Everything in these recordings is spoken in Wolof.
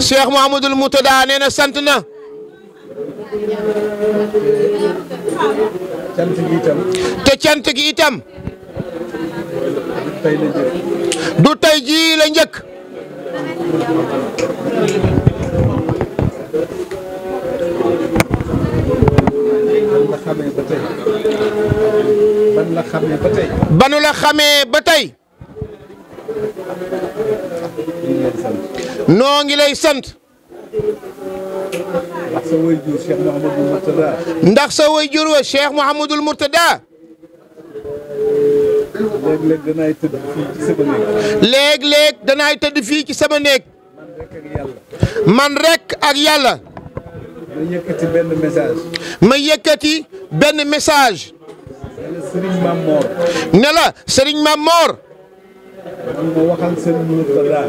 Cheikh Mouhamadoul Moutada nee na sant na. te cant gi itam. du tey jii la njëkk. ban la xamee ba tey. banu la xamee ba tey. noo ngi lay sant. ndax sa waajur Cheikh Mouhamadul Mourtada. ndax sa waajur wa Cheikh Mouhamadul Mourtada. léeg-léeg danaay tëdd fii ci sama néeg. léeg-léeg danaay tëdd fii ci sama néeg. man rek ak yàlla. man rek ak benn message. ma yëkkati benn message. nanga ma waxal sëñ Mourtada.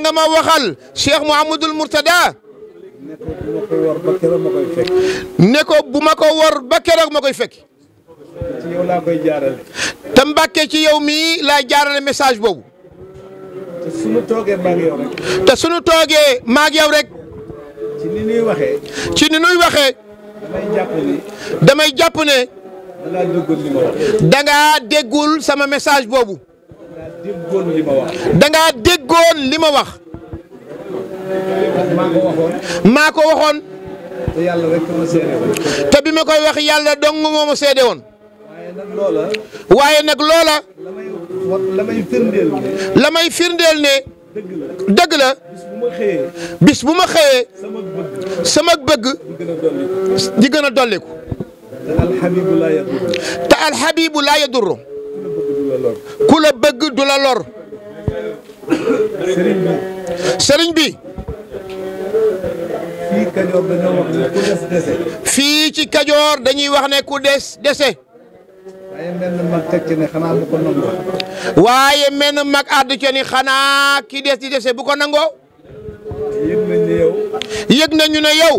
na ma waxal Cheikh Mouhamadul ne ko bu ma ko war ba keroog ma koy fekk. ne ko bu ma ko war ba keroog ma koy fekk. ci yow ci yow mi laa jaarale message boobu. te sunu toogee maa ngi rek. ci ni nuy waxee. ci ni nuy waxee. damay jàpp ne. damay ne. dangaa déggul sama message boobu. déggoon li déggoon li ma wax. maa ko waxoon. maa yàlla te bi ma koy wax yàlla dong moo ma seede woon. waaye nag loola. waaye nag loola. may firndeel ne. la bis bu ma xëyee. sama bëgg. sama di gën a dolliku. di gën a dolliku. te laa yadurru. ku la bëgg du la lor sëriñ bi fii ci Kajoor dañuy wax ne ku des dese waaye menn mag teg xanaa bu ko nangoo waaye menn mag àddu ci xanaa ki des di dese bu ko nangoo yëg nañu ne yaw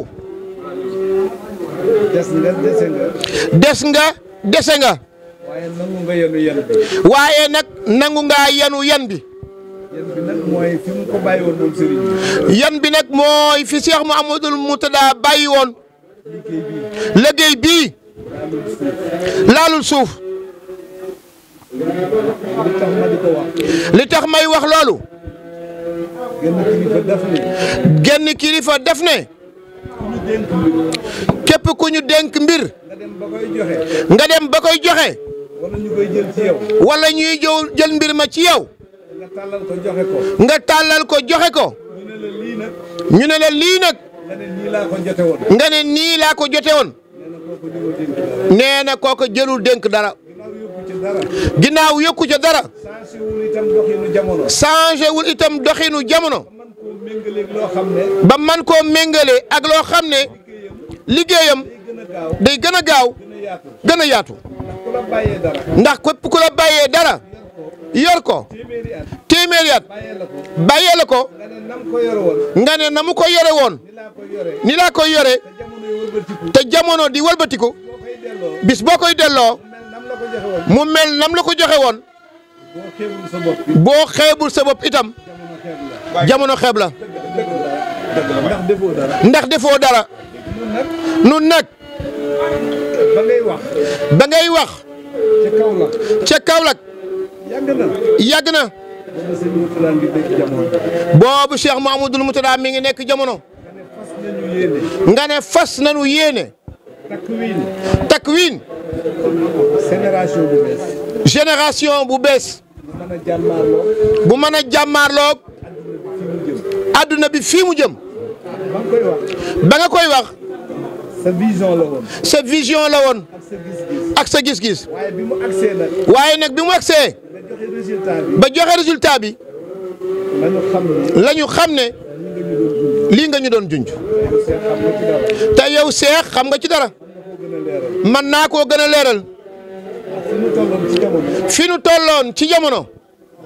des nga dese nga des nga dese nga waaye nangu nga yenu yan bi. waaye nag nangu ngaa yenu yan bi. yan bi nag mooy fi mu ko bàyyi woon moom sëriñ bi. yan suuf. li tax may wax loolu. genn kilifa def ne. képp ku ñu dénk mbir. dem ba koy joxe. nga dem ba koy joxe. wala ñu koy jël ci jël mbir ma ci yow. nga tàllal ko joxe ko. nga tàllal ko joxe ko. ñu ne lii nag. ñu ne nga ne nii ko jote woon. nga ne ko na kooku jëlul dénk dara. ginnaaw yokku ca dara. changé wul itam doxinu jamono. changé wul ba man koo méngale ak loo xam ne. liggéeyam. day gën a gaaw gën a yaatu ndax képp ku la bàyyee dara yor ko téeméeri at bàyyee la ko nga ne na mu ko yore woon ni laa koy yore te jamono di walbatiku bis boo koy delloo mu mel nam la ko joxe woon boo xeebul sa bopp itam jamono xeeb la ndax defoo dara nun nag ba ngay wax. ba ngay wax. ca Kaolack. ca yàgg na. yàgg na. boobu Cheikh Mahmoudul Moutada mi ngi nekk jamono. nga ne fas nañu yéene. takwiin. takwiin. génération bu bees. génération bu bees. bu mën a jàmmaarloog. adduna bi fii mu jëm. ba nga koy wax. sa vision la woon. sa vision la woon. sa gis-gis. waaye nag. waaye nag bi mu agsee. ba joxe résultat bi. la xam ne. lii nga ñu doon junj. ta yow seex xam nga ci dara. man naa koo gën a leeral. fi nu tolloon ci jamono.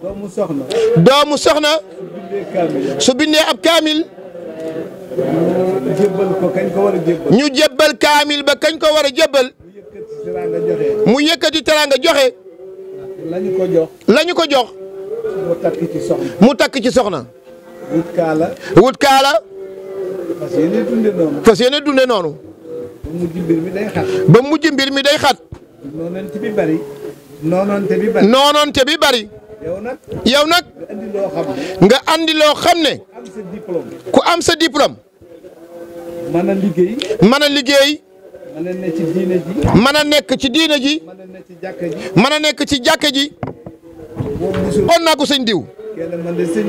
doomu soxna. doomu su bindee ab kaamil. jébbal kañ ko war a jébbal. ñu jébbal kaamil ba kañ ko war a jébbal. mu yëkkati teraanga joxe. lañu ko jox. lañu ko jox. mu takk ci soxna. mu takk ci soxna. wut kaala. wut kaala. fas yéene dunde noonu. fas yéene dunde noonu. ba mujj mbir mi day xat. ba mujj mbir mi day xat. noonante bi bari. noonante bi bi bari. yow nag. yow nag. nga andi loo xam ne. nga andi loo xam ne. ku am sa diplôme. ku am sa diplôme. mën a liggéey. man a liggéey. mën a nekk ci diine ji. man a nekk ci diine mën a nekk ci jàkka ji. mën naa ko sëñ diw. kenn man de sëñ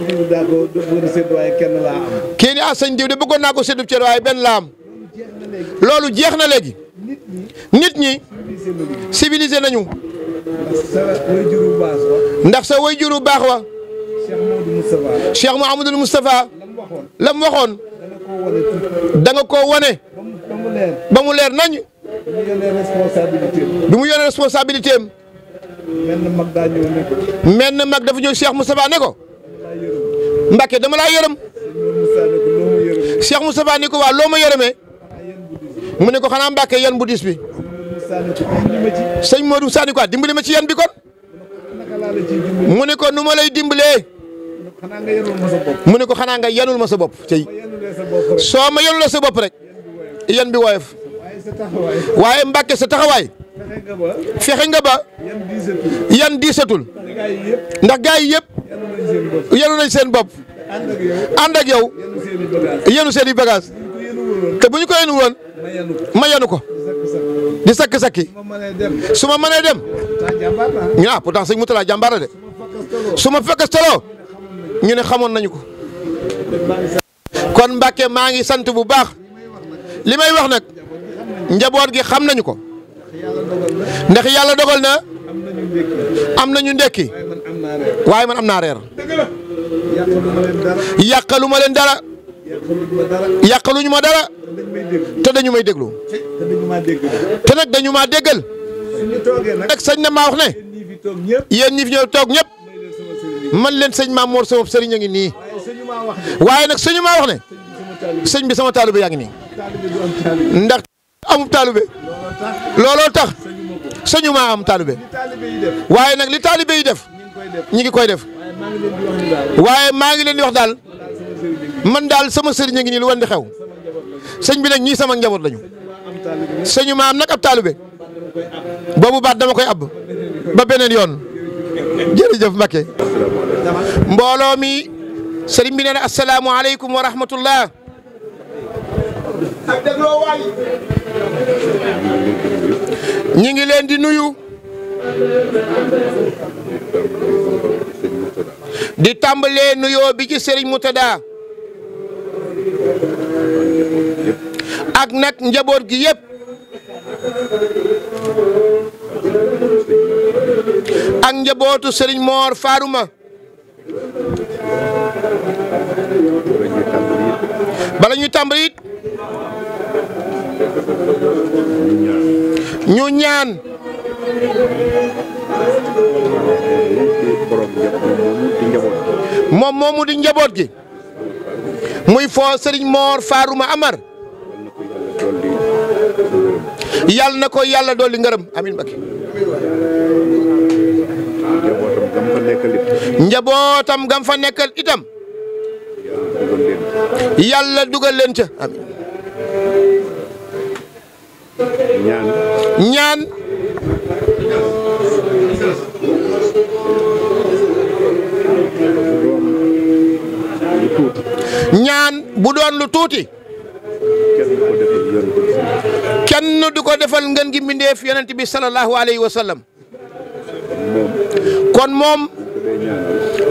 a sédd waaye kenn laa kii ni ah sëñ diw de bëggoon naa ko séddu cër waaye benn laa am. loolu jeex na léegi. nit ñi. civilisé nañu. ndax sa way juru baax wa. Cheikh Mouhamadul Moustapha la mu ko da nga koo wane ba mu leer nañu bi mu yore responsabilité am menn mag dafa ñëw Cheikh Moustapha ne ko Mbacke dama laa yërëm Cheikh Moustapha ni ko waa loo ma yërëmee mu ne ko xanaa Mbacke yan bu diis bi sëñ Modou Sani quoi dimbali ma ci yan bi kon mu ne nu ma lay dimbalee. mu ne ko xanaa nga yanul ma sa bopp tey soo ma sa bopp rek yan bi woyof waaye Mbàkke sa taxawaay fexe nga ba yan diisatul ndax gaa yi yëpp yanu seen bopp ànd ak yow yenu seen i bagage te bu ñu ko yenu woon ma yenu ko di sakki-sakki su ma mënee dem ñu ah pourtant sëñ Moutala jàmbaara de su ma fekkas taloo ñu ne xamoon nañu ko kon mbake maa ngi sant bu baax li may wax nag njaboot gi xam nañu ko ndax yàlla dogal na am nañu ndekki waaye man am naa reer yàqalu ma leen dara yàqaluñu ma dara te dañu may déglu te nag dañu ma déggal nag sañ na maa wax ne yéen ñi fi toog ñëpp. man leen sëñ maam Mor sama sëriñ a ngi nii waaye nag sëñu maa wax ne sëñ bi sama taalibe yaa ngi nii ndax amum taalibe looloo tax sëñu maa am taalibe waaye nag li taalibe def ñi ngi koy def waaye maa ngi leen di wax daal man daal sama sëriñ a ngi nii di xew sëñ bi nag ñii sama njaboot lañu sëñu maam nag ab taalibe boobu baat dama koy ab ba beneen yoon. jërëjëf Mbacke mbooloo mi sëriñ bi nee na asalaamualeykum wa rahmatullah ngi leen di nuyu di tàmbalee nuyoo bi ci Serigne Moutada ak nag njaboot gi yépp ak njabootu Serigne Mor Farouma ñu ñaan moom moomu di njaboot gi muy foo Serigne Mor Farouma Amar yàlla na ko yàlla dolli ngërëm amin Mbakke njabootam gam fa nekkal itam. gam fa nekkal itam. yàlla dugal leen ca amiin. ñaan. bu doon lu tuuti. kenn du ko defal ngeen gi mbindeef yonent bi sallallahu alayhi wa kon moom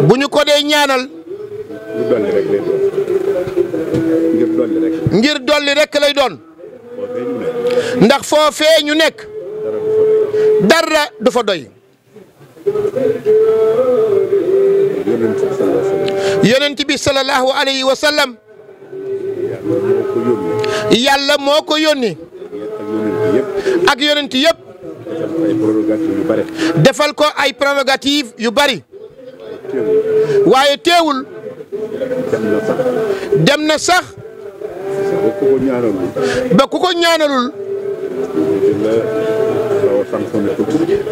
bu ñu ko dee ñaanal ngir dolli rek lay doon ndax foofee ñu nekk dara du fa doy yonent bi sallallahu alayhi wa sallam yàlla moo ko yónni ak yonent yëpp defal ko ay prérogative yu bari waaye teewul dem na sax ba ku ko ñaanalul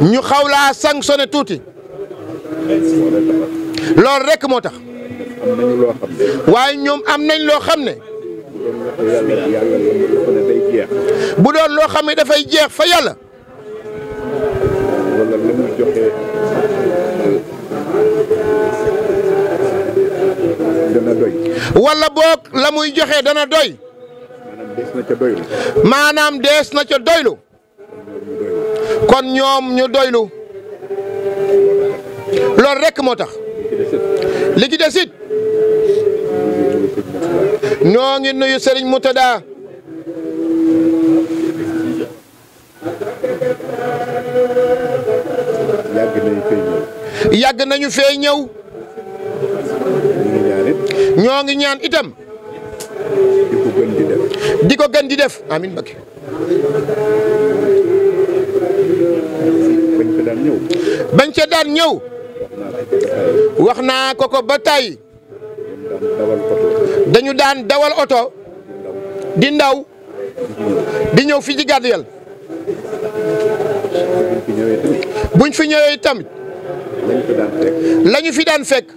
ñu xaw laa sanctionné tuuti loolu rek moo tax waaye ñoom am nañ loo xam ne bu doon loo xam ne dafay jeex fa yàlla wala même euh, boog la muy joxe dana doy. maanaam dees na ca doylu. kon ñoom ñu doylu. loolu rekk moo tax. li ci des ñoo ngi nuyu Serigne Moutada. yàgg nañu fee ñëw. ñoo ngi ñaan itam. di ko gën di def. di ko gën bañ ca daan ñëw. wax naa ko ko ba tàyyi dañu daan dawal oto. di ndaw. di ñëw fii ci Gadeyelle. buñ fi ñëwee tamit la fi daan fekk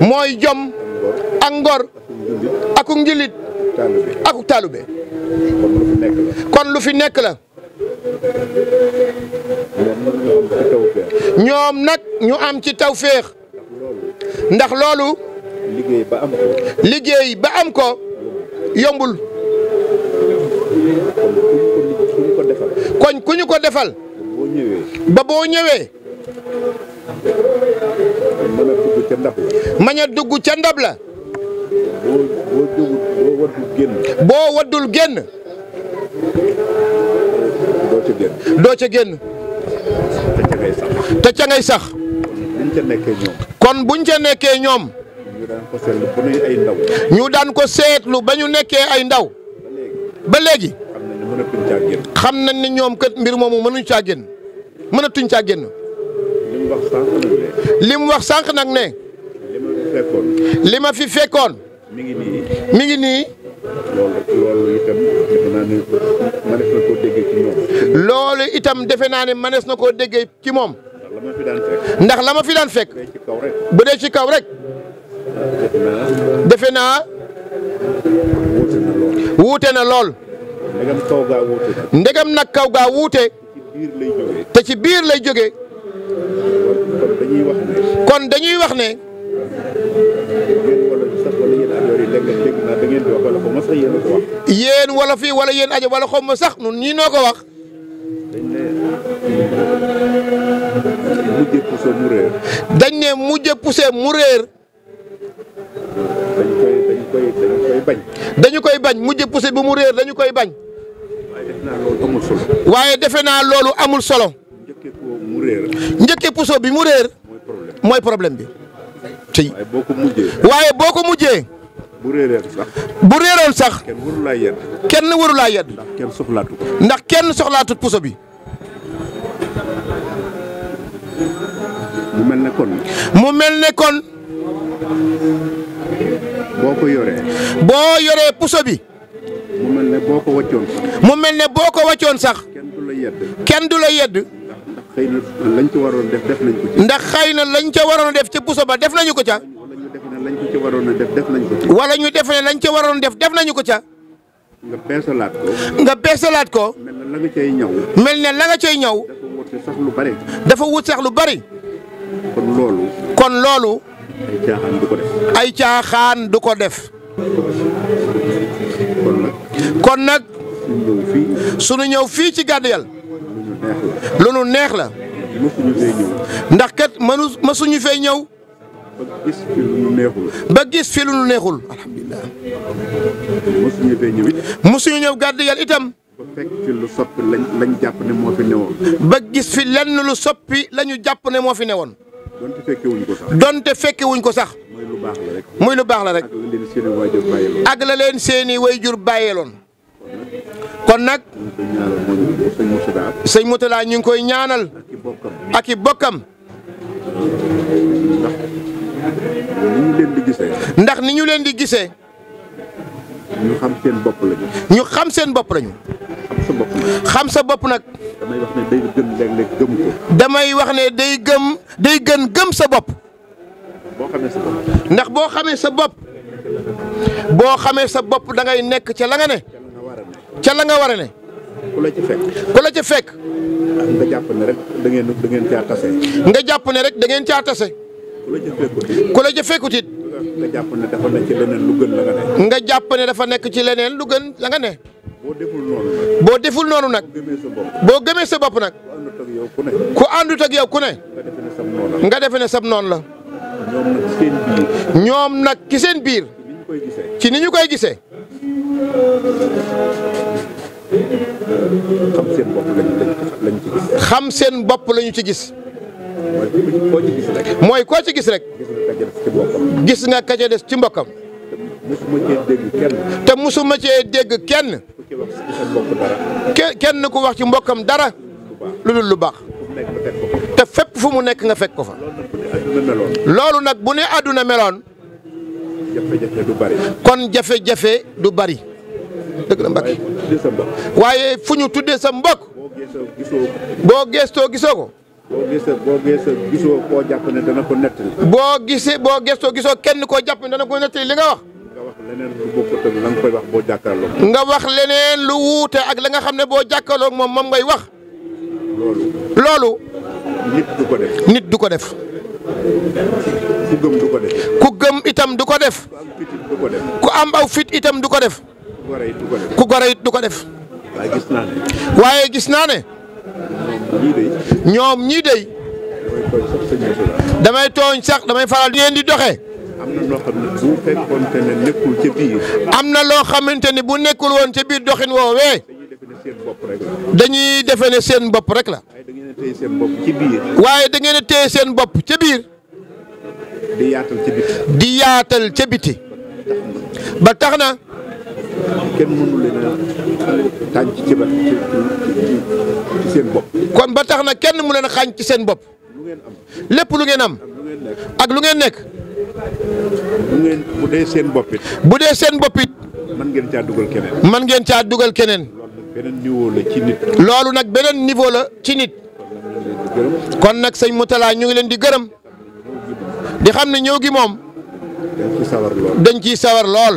mooy jom ak ngor akuk njulit akuk taalube kon lu fi nekk la ñoom nag ñu am ci tawféex ndax loolu liggéey ba am ko liggéey ba am ko yombul koñ ku ñu ko defal ba boo ñëwee. mën a dugg ca ndab la. boo boo waddul génn. boo doo ca génn. te ca ngay sax. te kon buñ ca nekkee ñoom. kon buñ ca nekkee ñoom. ñu daan ko seetlu ba ñu ndaw. ñu daan ko seetlu ba ñu nekkee ay ndaw. ba léegi. xam nañ ne mënatuñ caa ñoom kat mbir moomu mënuñ caa génn. mënatuñ caa génn. lim wax sànq nag ne. lim wax sànq nag ne. li ma fi fekkoon. mi ngi nii. mi loolu itam defe naa ne manees na koo déggee ci moom. ndax la ma fi daan fekk. bu dee ci kaw rek. defe naa. wuute na lool. ndegam kaw nag kaw gaa wuute. te ci biir lay jógee kon dañuy wax ne yéen wala fii wala yéen ajo wala xom sax nun nii noo ko wax dañ ne mujje poussé mu réer dañ koy dañ koy dañ koy bañ dañu koy bañ mujje poussé bu mu réer dañu koy bañ waaye defe naa loolu amul solo. njëkkee puso bi mu réer. mooy problème bi. tey waaye boo ko mujjee. bu réeréer sax. bu réeroon sax. kenn waru laa yedd. kenn waru ndax kenn soxlaatu ko. ndax kenn soxlaatu bi. mu mel ne kon. mu mel ne boo ko yoree. boo bi. mu mel ne boo ko wàccoon sax. mu mel ne boo ko wàccoon sax. kenn du la yedd. kenn du la yedd. ndax xëy na lañ ca waroon def def nañ ndax xëy na lañ ca waroon def ci puso ba def nañu ko ca. wala ñu def ne lañ ca waroon def def nañ ko ca. wala ñu def ne lañ waroon def def nañu ko ca. nga beesalaat ko. nga beesalaat ko. mel ne la nga cay ñaw. mel ne la nga cay ñaw. dafa wut sax lu bari. dafa wut sax lu bari. kon loolu. kon loolu. ay caaxaan du ko ay caaxaan du ko def. kon nag sunu ñëw fii ci Gadeyelle lu nu neex la ndax kat mënu mësuñu fee ñëw ba gis fi lu nu neexul alhamdulilah mësuñu ñëw Gadeyelle itam ba fekk fi lu soppi lañ lañ jàpp ne moo fi newoon. ba gis fi lenn lu soppi la ñu jàpp ne moo fi newoon. donte fekke wuñ ko sax. donte fekke wuñ ko sax. muy lu baax la rek. muy lu baax la rek. ak la leen seeni waajur bàyyeeloon. ak la leen seeni waajur bàyyeeloon. kon nag sëñ Moutala ñu ngi koy ñaanal ak i bokkam ndax ni ñu leen di gisee. ñu xam seen bopp ñu xam seen bopp lañu. xam sa bopp nag. damay wax ne day gën gëm wax ne day gëm day gën gëm sa bopp. boo ndax boo xamee sa bopp. boo xamee sa bopp da ngay nekk ca la nga ne. ca la nga war a ne. ku la ci fekk. ku la ci fekk. nga jàpp ne rek da ngeen da ngeen caa tase. nga jàpp ne rek da ngeen caa tase. ku la ci fekkut it. ku la ci fekkut it. nga jàpp ne dafa nekk ci leneen lu gën la nga ne. nga jàpp ne dafa nekk ci leneen lu gën la nga ne. boo deful noonu nag. boo deful noonu nag. boo gëmee sa bopp nag. ku àndut ak yow ku ne. nga defe ne sab noonu la. ñoom nag ki seen biir. ci ni ñu koy gisee. xam seen bopp lañu ci gis. mooy koo ci gis rek. gis nga kaca des ci mbokkam. te musuma cee dégg kenn. kenn ku wax ci mbokkam dara. lu dul lu baax. te fépp fu mu nekk nga fekk ko fa. loolu nag bu ne àdduna meloon. jafe-jafe du bari. kon jafe-jafe du bari. dëgg la Mbacke waaye fu ñu tuddee sa mbokk. boo gëstoo gisoo ko. boo gisee boo gisee gisoo koo jàpp ne dana ko nettali. boo gisee boo gëstoo gisoo kenn koo jàpp ne dana ko nettali li nga wax. nga wax leneen lu bokkut ak la nga koy wax boo jàkkaarloo. nga wax leneen lu wuute ak la nga xam ne boo jàkkaarloo moom moom ngay wax. loolu. loolu. nit du ko def. nit du ko def. ku gëm itam du ko def. ku am aw fit itam du ko def. ku gore du ko def. waaye gis naa ne. waaye gis naa ne. ñoom ñii dey damay tooñ sax damay faral ñeen di doxe am na loo xam ne bu fekkoon te ca biir. am na loo xamante ni bu nekkul woon ca biir doxin woowee. dañuy defe ne seen bopp rek la. téye seen waaye da ngeen a téye seen bopp ca biir. di yaatal ci biti. di yaatal ca biti. ba tax na. kenn mënu leen a tànc ci seen bopp. kon ba tax na kenn mu leen xàñ ci seen bopp. lépp lu ngeen am. ak lu ngeen nekk. bu ngeen bu dee seen bopp bu dee seen boppit it. mën ngeen caa dugal keneen. mën ngeen caa dugal keneen. loolu nag la ci loolu nag beneen niveau la ci nit. kon nag sëñ Moutala ñu ngi leen di gërëm di xam ne ñëw gi moom dañ ciy sawar lool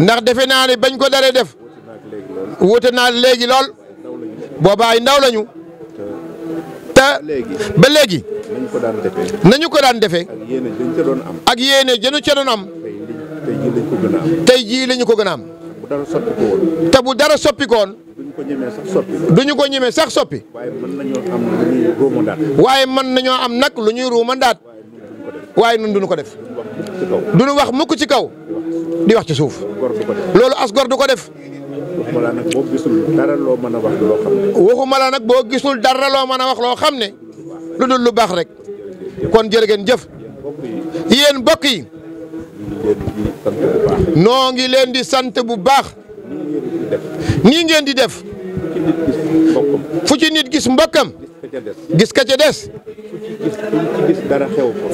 ndax defe naa ne bañ ko daree def wuute naa léegi lool booba ay ndaw lañu te ba léegi nañu ko daan defee ak yéene jënu ca doon am tey jii lañu ko gën a am te bu dara soppikoon duñu ko ñemee sax soppi. waaye mën nañoo am lu waaye mën nañoo am nag lu ñuy ruumandaat. waaye nun duñu ko def. duñu wax mukk ci kaw. di wax ci suuf. loolu as gor du ko def. waxumala nag boo gisul dara loo mën a wax loo xam ne. nag boo gisul dara loo mën a wax loo xam ne. lu dul lu baax rek. kon jërë ngeen jëf. yéen mbokk yi. noo ngi leen di sant bu baax. nii ngeen di def fu ci nit gis mbokkam gis ka ca des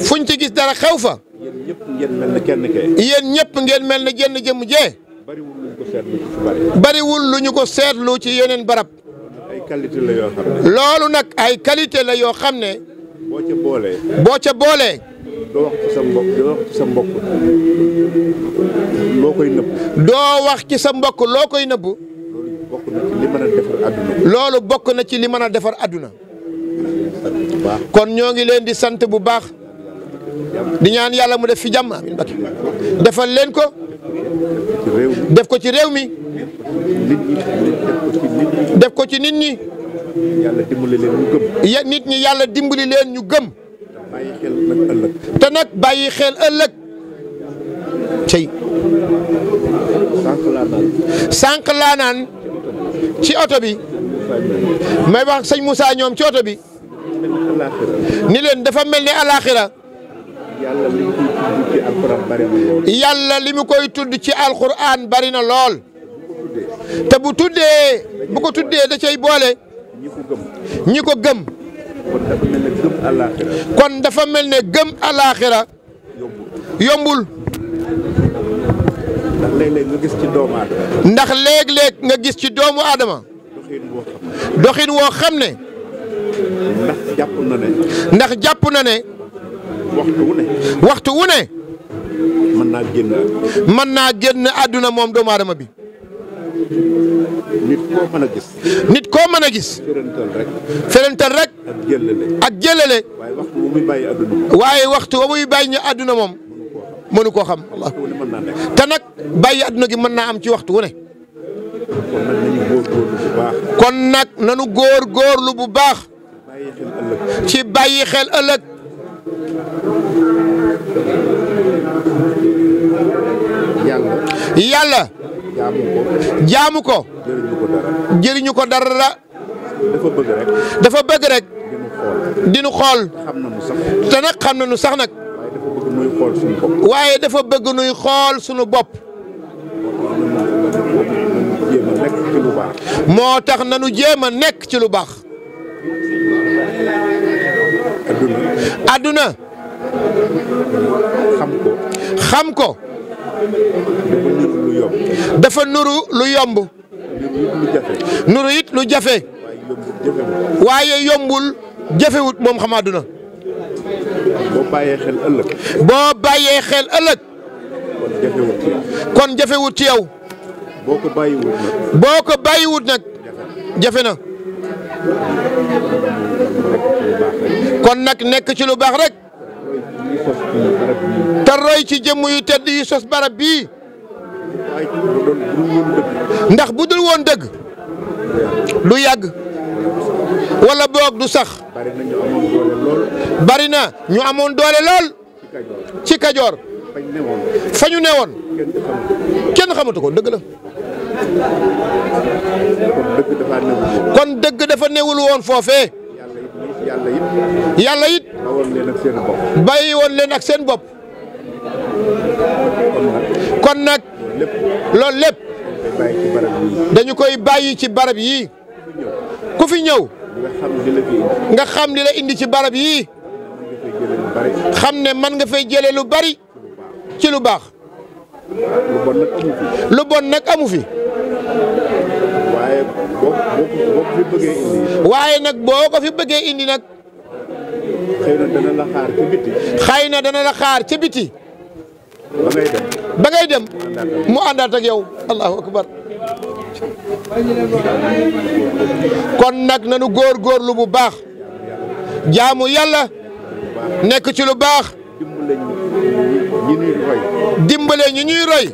fuñ ci gis dara xew fa yéen ñëpp ngeen mel na genn jëmm jee bariwul lu ñu ko seetlu ci yeneen barab loolu nag ay qualité la yoo xam ne boo ca boolee doo wax ci sa mbokk loo koy nëbb. doo wax ci sa mbokk loo koy nëbb. loolu bokk na ci li mën a defar àdduna. loolu bokk na ci li mën a defar àdduna. kon ñoo ngi leen di sant bu baax. di ñaan yàlla mu def fi jàmm amiin leen ko. def ko ci réew mi. def ko ci nit ñi. nit ñi. yàlla dimbali leen ñu gëm. leen ñu gëm. te nag bàyyi xel ëllëg. cey. sànq laanaan ci oto bi. may wax sëñ Moussa ñoom ci oto bi. ni leen dafa mel ni alaaxira. yàlla li mu koy tudd ci alxuraan bari na lool. te bu tuddee bu ko tuddee da cay boole. ñi ko gëm. kon dafa mel ne gëm alaaxira yombul ndax léeg-léeg nga gis ci doomu aadama. nga gis ci doomu aadama. doxin woo xam ne. ndax jàpp na ne. ndax jàpp na ne. waxtu wu ne. mën naa génn. mën naa génn àdduna moom doomu aadama bi. nit koo mën a gis. nit koo mën a gis. ferental rek. ak jëlale waaye waxtu wa muy bàyyi ñu àdduna moom mënu koo xam allah te nag àdduna gi mën naa am ci waxtu wu ne kon nag nanu góor góorlu bu baax ci bàyyi xel ëllëg yàlla jaamu ko jëriñu ko dara dafa bëgg di nu xool te nag xam na nu sax nag waaye dafa bëgg nuy xool sunu bopp moo tax nanu jéem a nekk ci lu baax adduna xam ko dafa nuru lu yomb nuru it lu jafe waaye yombul jafewut moom xam àdduna. boo bàyyee xel ëllëg. boo bàyyee xel ëllëg. kon jëfewut ci yow. boo ko bàyyiwut nag. jafe na. kon nag nekk ci lu baax rek. te ci jëmm yu tedd yi sos barab bii. ndax bu dul woon dëgg. lu yàgg. wala boog du sax bari na ñu amoon doole lool ci kajoor fa ñu newoon kenn xamatu ko dëgg la kon dëgg dafa newul woon foofee yàlla it bàyyi woon leen ak seen bopp kon nag loolu lépp dañu koy bàyyi ci barab yii ku fi ñëw nga xam li la indi ci barab yii xam ne man nga fay jëlee lu bari ci lu baax lu bon nag amu fi waaye nag boo ko fi bëggee indi nag xëy na dana la xaar ca biti xëy na dana la xaar ca biti ba ngay dem mu àndaat ak yow allahu akbar kon nag nanu góorlu bu baax jaamu yàlla nekk ci lu baax dimbale ñu ñuy roy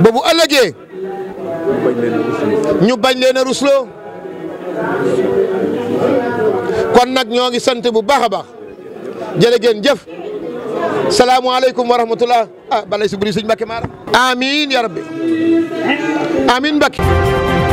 ba bu ëllëgee ñu bañ leen rusloo kon nag ñoo ngi sante bu baax a baax jërë ngeen jëf salaamualeykum wa rahmatullah ah balay si buri sëñ Mbacke Mara. amiin ya rabbi amiin Mbacke.